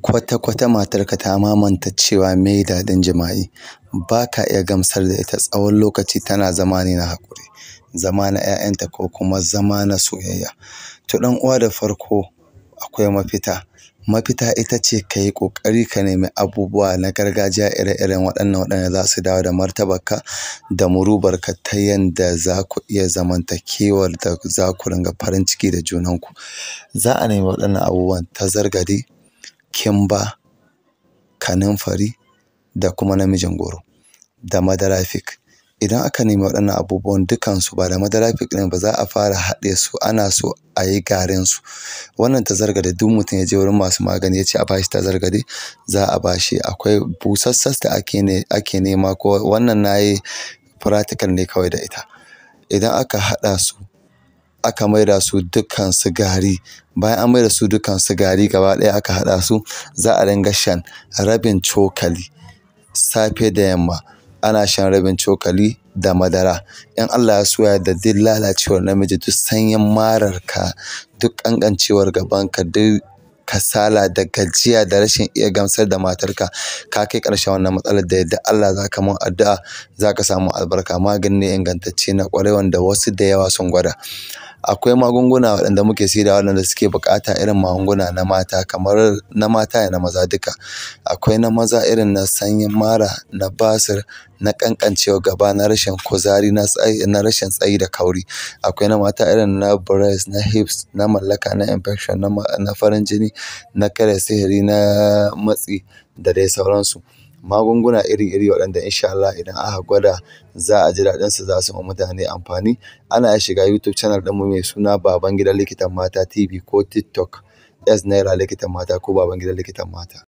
kwata-kwata matarka ta mamanta cewa mai daɗin jima'i ba ka iya gamsar da ita tsawon lokaci tana zama ne na haƙuri zama na 'ya'yanta ko kuma zama na soyayya to ɗan uwa da farko akwai mafita mafita ita ce ka yi ƙoƙari ka nemi abubuwa na gargajiya ire-iren waɗannan waɗanda za su dawo da martabarka da murubarka ta yadda za ku iya zamantakewar da za ku ringa farin ciki da junanku za a nemi waɗannan abubuwan zargadi kimba kanunfari da kuma namijin goro da madara idan aka nemi waɗannan abubuwan dukansu ba da madara ne ɗin ba za a fara haɗe su ana so a yi garin su wannan tazargade duk mutum ya je wurin masu magani ya ce a bashi ta zargade za a bashi akwai busassas da ake ne nema ko wannan na yi practical ne kawai da ita idan aka haɗa su aka maida su dukkan su gari bayan an maida su dukkan su gari gaba ɗaya aka haɗa su za a ringa shan rabin cokali safe da yamma ana shan rabin cokali da madara in Allah ya soya da duk lalacewar namiji duk sanyin mararka duk gaban gabanka duk kasala da gajiya da rashin iya gamsar da matarka ka kai ƙarshen wannan matsalar da yadda Allah za ka mun addu'a za ka samu albarka Maganin ne ingantacce na ƙwarai da wasu da yawa sun gwada akwai magunguna waɗanda muke saidawa waɗanda suke buƙata irin magunguna na mata kamar na mata ya na maza duka akwai na maza irin na sanyin mara na basir na ƙanƙancewa gaba na rashin kuzari na rashin tsayi da kauri akwai na mata irin na breast na hips na mallaka na infection na farin jini na karya sihiri na matsi da dai sauransu magunguna iri-iri waɗanda insha Allah idan aka gwada za a ji daɗin su za su ma mutane amfani ana shiga YouTube channel ɗin mu mai suna Baban Gidan Likitan Mata TV ko TikTok S Naira Likitan Mata ko Baban Gidan Likitan Mata.